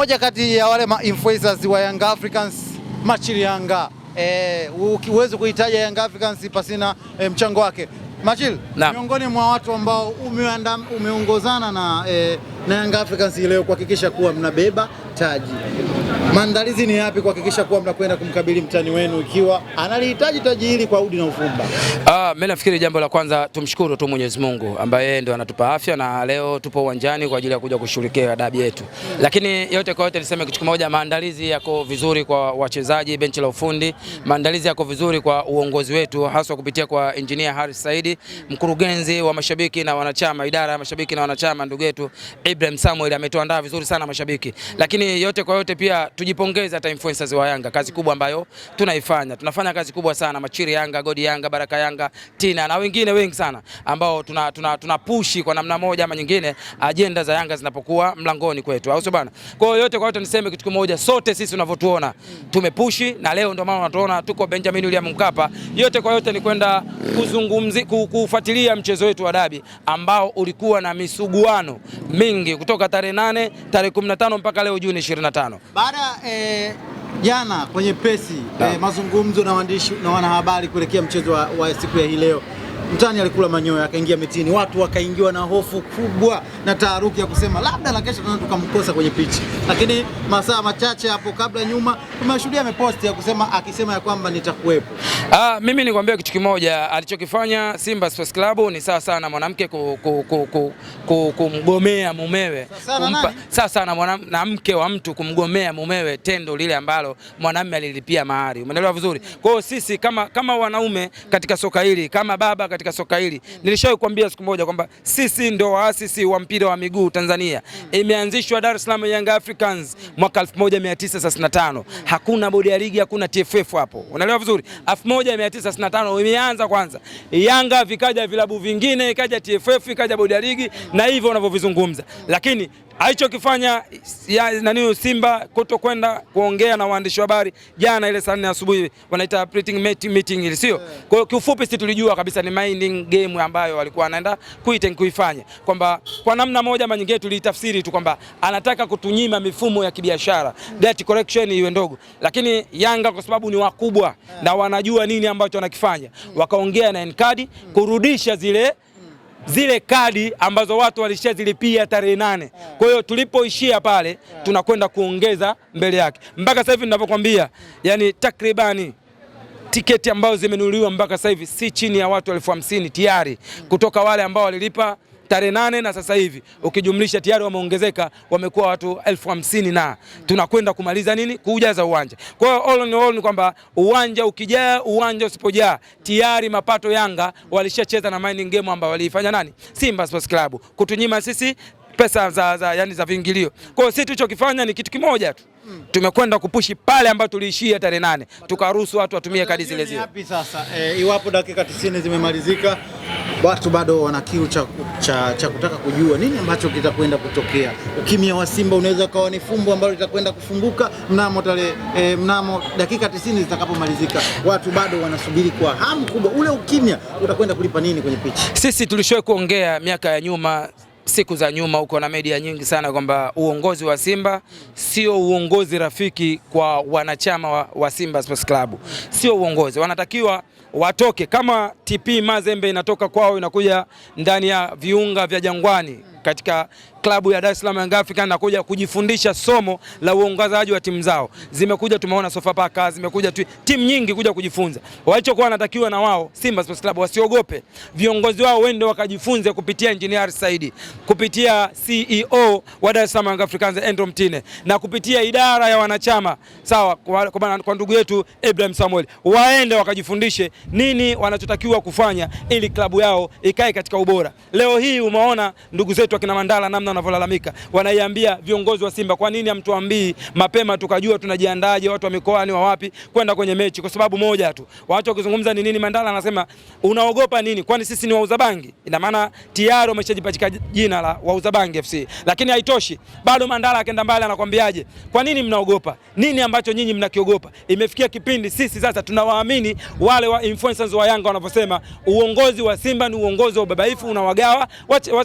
Moja kati ya wale influencers wa Young Africans yanga eh, ukiwezi kuitaja Young Africans pasina eh, mchango wake Machil, miongoni mwa watu ambao umeongozana na, eh, na Young Africans leo kuhakikisha kuwa mnabeba analihitaji. Maandalizi ni yapi kuhakikisha kuwa mnakwenda kumkabili mtani wenu ikiwa analihitaji taji hili kwa udi na ufumba? Ah, mimi nafikiri jambo la kwanza tumshukuru tu Mwenyezi Mungu ambaye ndio anatupa afya na leo tupo uwanjani kwa ajili ya kuja kushirikia dabi yetu. Lakini yote kwa yote niseme kitu kimoja, maandalizi yako vizuri kwa wachezaji, benchi la ufundi, maandalizi yako vizuri kwa uongozi wetu haswa kupitia kwa engineer Haris Saidi, mkurugenzi wa mashabiki na wanachama, idara ya mashabiki na wanachama, ndugu yetu Ibrahim Samuel ametuandaa vizuri sana mashabiki. Lakini yote kwa yote pia tujipongeze hata influencers wa Yanga, kazi kubwa ambayo tunaifanya. Tunafanya kazi kubwa sana, Machiri Yanga, Godi Yanga, Baraka Yanga, Tina na wengine wengi sana ambao tuna, tuna, tuna push kwa namna moja ama nyingine ajenda za Yanga zinapokuwa mlangoni kwetu, au sio bana? Kwa hiyo yote kwa yote niseme kitu kimoja, sote sisi tunavyotuona tumepushi, na leo ndio maana unatuona tuko Benjamin William Mkapa. Yote kwa yote ni kwenda kuzungumzi kufuatilia mchezo wetu wa dabi ambao ulikuwa na misuguano mingi kutoka tarehe nane tarehe 15 mpaka leo Juni 25. Baada eh, jana kwenye pesi eh, mazungumzo na waandishi na wanahabari kuelekea mchezo wa, wa siku ya hii leo Mtani alikula manyoya akaingia mitini, watu wakaingiwa na hofu kubwa na taharuki ya kusema labda la kesho tukamkosa kwenye pichi, lakini masaa machache hapo kabla nyuma tumeshuhudia ameposti ya kusema akisema ya kwamba nitakuwepo. Ah, mimi nikwambia kitu kimoja, alichokifanya Simba Sports Club ni sawa sana mwanamke kumgomea mumewe sawa sana mke wa mtu kumgomea mumewe, tendo lile ambalo mwanamume alilipia mahari. Umeelewa vizuri? Kwa hiyo sisi kama, kama wanaume katika soka hili kama baba katika soka hili mm. Nilishawahi kuambia siku moja kwamba sisi ndo waasisi wa mpira wa miguu Tanzania mm. Imeanzishwa Dar es Salaam Young Africans mm. mwaka 1965 mm. Hakuna bodi ya ligi, hakuna TFF hapo, unaelewa vizuri. 1965 imeanza kwanza Yanga, vikaja vilabu vingine, ikaja TFF, ikaja bodi ya ligi mm. na hivyo unavyovizungumza, lakini alichokifanya nani Simba kuto kwenda kuongea na waandishi wa habari jana ile saa nne asubuhi, wanaita meeting ile, sio kwa hiyo. Kiufupi, sisi tulijua kabisa ni minding game ambayo walikuwa anaenda kuiten kuifanya, kwamba kwa namna moja ama nyingine tulitafsiri tu kwamba anataka kutunyima mifumo ya kibiashara debt collection iwe ndogo, lakini Yanga kwa sababu ni wakubwa na wanajua nini ambacho wanakifanya, wakaongea na Nkadi kurudisha zile zile kadi ambazo watu walishazilipia tarehe nane. Kwa hiyo tulipoishia pale tunakwenda kuongeza mbele yake mpaka sasa hivi ninavyokwambia, yani takribani tiketi ambazo zimenunuliwa mpaka sasa hivi si chini ya watu elfu hamsini tayari mm. kutoka wale ambao walilipa tarehe nane na sasa hivi ukijumlisha tayari wameongezeka, wamekuwa watu elfu hamsini na tunakwenda kumaliza nini, kuujaza uwanja. Kwa hiyo all in all ni kwamba uwanja ukijaa, uwanja usipojaa, tayari mapato Yanga walishacheza na mining game ambayo waliifanya nani, Simba Sports Club kutunyima sisi pesa za, za, yani za viingilio. Kwa hiyo sisi tulichokifanya ni kitu kimoja tu mm. tumekwenda kupushi pale ambayo tuliishia tarehe nane, tukaruhusu watu watumie kadi zile zile. Yapi sasa e, iwapo dakika 90 zimemalizika watu bado wana kiu cha, cha, cha kutaka kujua nini ambacho kitakwenda kutokea. Ukimya wa Simba unaweza ukawa ni fumbo ambalo litakwenda kufunguka mnamo tale, e, mnamo dakika 90 zitakapomalizika. Watu bado wanasubiri kwa hamu kubwa, ule ukimya utakwenda kulipa nini kwenye pichi? Sisi tulishoe kuongea miaka ya nyuma siku za nyuma uko na media nyingi sana kwamba uongozi wa Simba sio uongozi rafiki kwa wanachama wa, wa Simba Sports Club. Sio uongozi, wanatakiwa watoke kama TP Mazembe inatoka kwao inakuja ndani ya viunga vya Jangwani katika klabu ya Dar es Salaam Young Africans na kuja kujifundisha somo la uongozaji wa timu zao. Zimekuja tumeona Sofapaka, zimekuja tu, timu nyingi kuja kujifunza. Walichokuwa wanatakiwa na wao Simba Sports Club wasiogope. Viongozi wao wende wakajifunze kupitia Engineer Saidi, kupitia CEO wa Dar es Salaam Young Africans Andrew Mtine na kupitia idara ya wanachama. Sawa kwa, kwa ndugu yetu Ibrahim Samuel. Waende wakajifundishe nini wanachotakiwa kufanya ili klabu yao ikae katika ubora. Leo hii umeona ndugu zetu wetu akina Mandala namna wanavyolalamika, wanaiambia viongozi wa Simba, kwa nini hamtuambii mapema tukajua tunajiandaje, watu wa mikoani wa wapi kwenda kwenye mechi? Kwa sababu moja tu, watu wakizungumza ni nini. Mandala anasema unaogopa nini? Kwani sisi ni wauza bangi? Ina maana tayari umeshajipatika jina la wauza bangi FC. Lakini haitoshi bado, Mandala akaenda mbali, anakwambiaje? Kwa nini mnaogopa nini? ambacho nyinyi mnakiogopa? Imefikia kipindi sisi sasa tunawaamini wale wa influencers wa Yanga wanavyosema uongozi wa Simba ni uongozi wa ubabaifu, unawagawa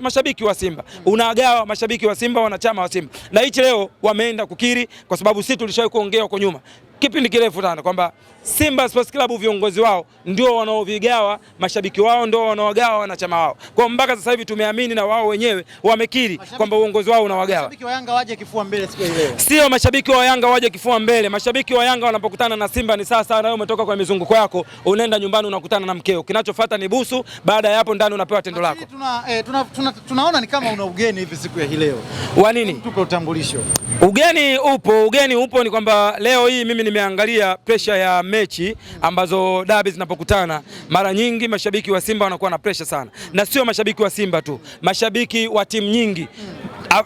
mashabiki wa Simba. Simba, unagawa mashabiki wa Simba, wanachama wa Simba. Na hichi leo wameenda kukiri, kwa sababu sisi tulishawahi kuongea huko nyuma, kipindi kirefu sana kwamba Simba Sports Club viongozi wao ndio wanaovigawa mashabiki wao ndio wanaogawa wanachama wao. Kwa mpaka sasa hivi tumeamini na wao wenyewe wamekiri kwamba uongozi wao unawagawa. Mashabiki wa Yanga waje kifua mbele siku ile. Sio mashabiki wa Yanga waje kifua mbele. Mashabiki wa Yanga wanapokutana na Simba ni sasa na wewe umetoka kwa mizunguko yako, unaenda nyumbani unakutana na mkeo. Kinachofuata ni busu, baada ya hapo ndani unapewa tendo lako. Tuna, eh, tuna, tuna, tunaona ni kama una ugeni hivi siku ya leo. Wa nini? Tupe utambulisho. Ugeni upo, ugeni upo ni kwamba leo hii mimi nimeangalia presha ya mechi ambazo dabi zinapokutana, mara nyingi mashabiki wa Simba wanakuwa na presha sana, na sio mashabiki wa Simba tu, mashabiki wa timu nyingi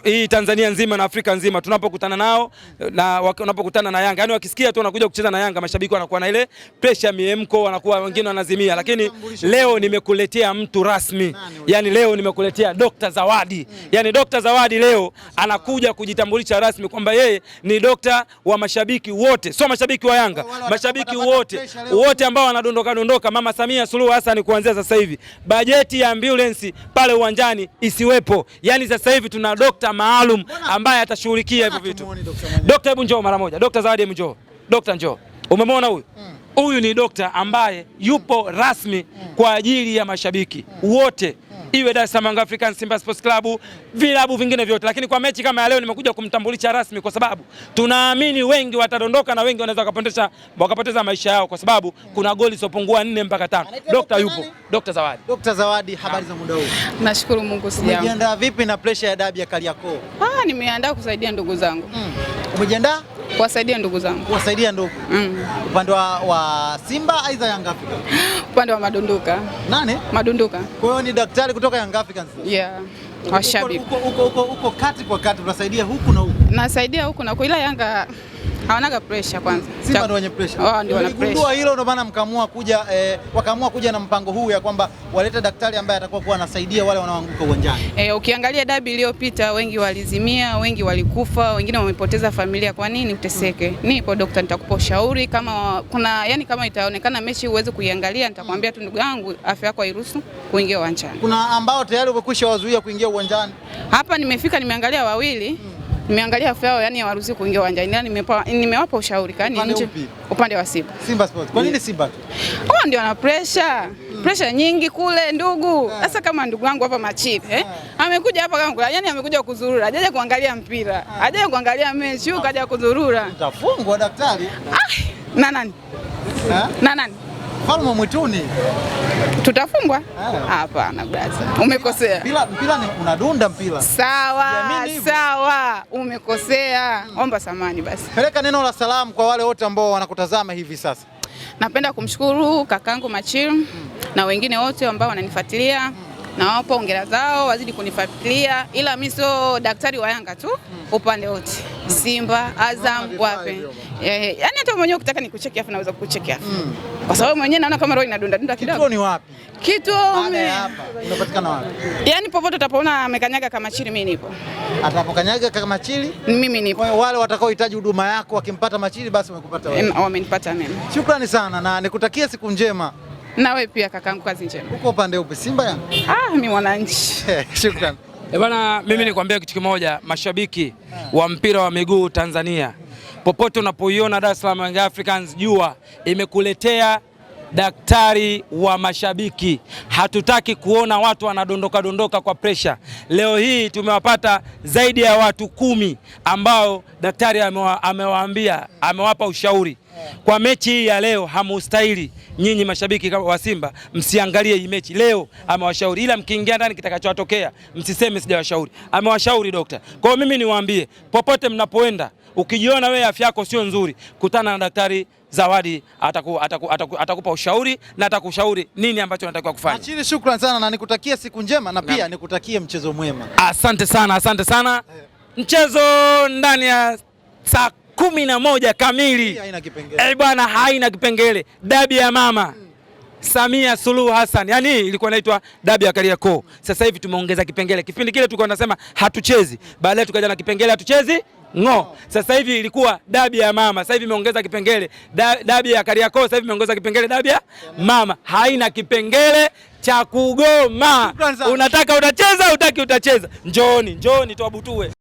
hii Tanzania nzima na Afrika nzima tunapokutana nao na unapokutana na Yanga, yani wakisikia tu wanakuja kucheza na Yanga, mashabiki wanakuwa na ile pressure, miemko wanakuwa wengine wanazimia, lakini leo nimekuletea mtu rasmi, yani yaani leo nimekuletea Dr. Zawadi, hmm. yani Dr. Zawadi leo anakuja kujitambulisha rasmi kwamba yeye ni dokta wa mashabiki wote, sio mashabiki wa Yanga, mashabiki wote wote ambao wanadondoka dondoka. Mama Samia Suluhu Hassan, kuanzia sasa hivi bajeti ya ambulance pale uwanjani isiwepo, yani sasa hivi tuna dokta dokta maalum ambaye atashughulikia hivyo vitu. Dokta, hebu njoo mara moja. Dokta Zawadi, hebu njoo. Dokta, njoo. Umemwona huyu hmm. huyu ni dokta ambaye yupo rasmi hmm. kwa ajili ya mashabiki hmm. wote iwe Dar es Salaam African Simba Sports Club, vilabu vingine vyote, lakini kwa mechi kama ya leo nimekuja kumtambulisha rasmi, kwa sababu tunaamini wengi watadondoka na wengi wanaweza wakapoteza wakapoteza maisha yao, kwa sababu kuna goli zisopungua nne mpaka tano. Dokta yupo, Dokta Zawadi. Dokta Zawadi, habari za muda huu? Nashukuru Mungu. Umejiandaa vipi na pressure ya dabi ya Kariakoo? Ah, nimeandaa kusaidia ndugu zangu. Mm. Umejiandaa? kuwasaidia ndugu zangu, kuwasaidia ndugu mm. upande wa, wa Simba aidha Young Africans, upande wa Madunduka nane Madunduka. Kwa hiyo ni daktari kutoka Young Africans yeah washabiki uko, uko, uko, uko, uko kati kwa kati, unasaidia huku na huku, nasaidia huku na huku, ila Yanga hawanaga pressure kwanza. Simba ndio wenye pressure. Wao ndio wana pressure. Ndio hilo ndio maana mkaamua kuja eh, wakaamua kuja na mpango huu ya kwamba waleta daktari ambaye atakuwa kuwa anasaidia wale wanaoanguka uwanjani. Eh, ukiangalia dabi iliyopita wengi walizimia, wengi walikufa, wengine wamepoteza familia. Kwa nini uteseke? Hmm. Nipo daktari, nitakupa ushauri kama kuna yani, kama itaonekana mechi uwezi kuiangalia, nitakwambia tu ndugu yangu, afya yako hairuhusu kuingia uwanjani. Kuna ambao tayari umekwisha wazuia kuingia uwanjani. Hapa nimefika nimeangalia wawili. Hmm nimeangalia afya yao, yani hawaruhusi kuingia uwanjani, ila yaani nimewapa ushauri kani nje upande wa Simba. Simba Sports. Kwa nini Simba tu? Wao ndio wana pressure Mm. Pressure nyingi kule ndugu. Ah. Sasa kama ndugu wangu hapa Machile eh, ah. amekuja hapa kama yani amekuja kuzurura, hajaja kuangalia mpira, ah. hajaja kuangalia mechi, huko kaja kuzurura. Utafungwa daktari. Ah, na nani? Eh? Na nani? mfalme mwituni tutafungwa? Ah. Hapana brother, umekosea. Mpira mpira ni unadunda mpira. Sawa sawa, umekosea. Omba samani basi. Peleka neno la salamu kwa wale wote ambao wanakutazama hivi sasa. Napenda kumshukuru kakangu machil hmm. na wengine wote ambao wananifuatilia hmm nawapa hongera zao, wazidi kunifuatilia, ila mi sio daktari wa Yanga tu upande wote Simba, Azam, ah, wape eh, eh, yani, hata mwenyewe ukitaka nikucheki afu naweza kukucheke afu mm. Kwa sababu mwenyewe naona kama roho inadunda dunda kidogo. Kituo ni wapi? Kituo ni hapa. Unapatikana wapi? Yani popote utapoona amekanyaga kama chili mimi nipo. Atapokanyaga kama chili? Mimi nipo. Kwa wale watakaohitaji huduma yako wakimpata machili basi wamekupata wewe. Wamenipata mimi. Shukrani sana na nikutakia siku njema. Na wewe pia kakangu, kazi njema. Uko upande upi, Simba ya? Ah, mimi mwananchi. Shukrani. Eh, bwana mimi nikwambia kitu kimoja, mashabiki wa mpira wa miguu Tanzania, popote unapoiona Dar es Salaam Young Africans, jua imekuletea daktari wa mashabiki. Hatutaki kuona watu wanadondoka dondoka kwa presha. Leo hii tumewapata zaidi ya watu kumi ambao daktari amewaambia, amewapa ushauri kwa mechi hii ya leo hamustahili nyinyi mashabiki wa Simba, msiangalie hii mechi leo. Amewashauri, ila mkiingia ndani kitakachotokea msiseme sijawashauri, amewashauri dokta. Kwa hiyo mimi niwaambie, popote mnapoenda, ukijiona wewe afya yako sio nzuri, kutana na daktari Zawadi ataku, ataku, ataku, atakupa ushauri na atakushauri nini ambacho unatakiwa kufanya. Achili, shukrani sana na nikutakie siku njema na pia na nikutakie mchezo mwema. Asante sana, asante sana. Eh. Mchezo ndani ya saa kumi na moja kamili. Eh bwana, haina kipengele. Dabi ya mama Samia Suluhu Hassan, yani ilikuwa inaitwa dabi ya Kariakoo. Sasa hivi tumeongeza kipengele. Kipindi kile tulikuwa tunasema hatuchezi, baadaye tukaja na kipengele hatuchezi ng'o. Sasa hivi ilikuwa dabi ya mama, sasa hivi imeongeza kipengele da, dabi ya Kariakoo, sasa hivi imeongeza kipengele dabi ya mama, haina kipengele cha kugoma. Unataka utacheza, utaki utacheza. Njooni, njooni tuabutue.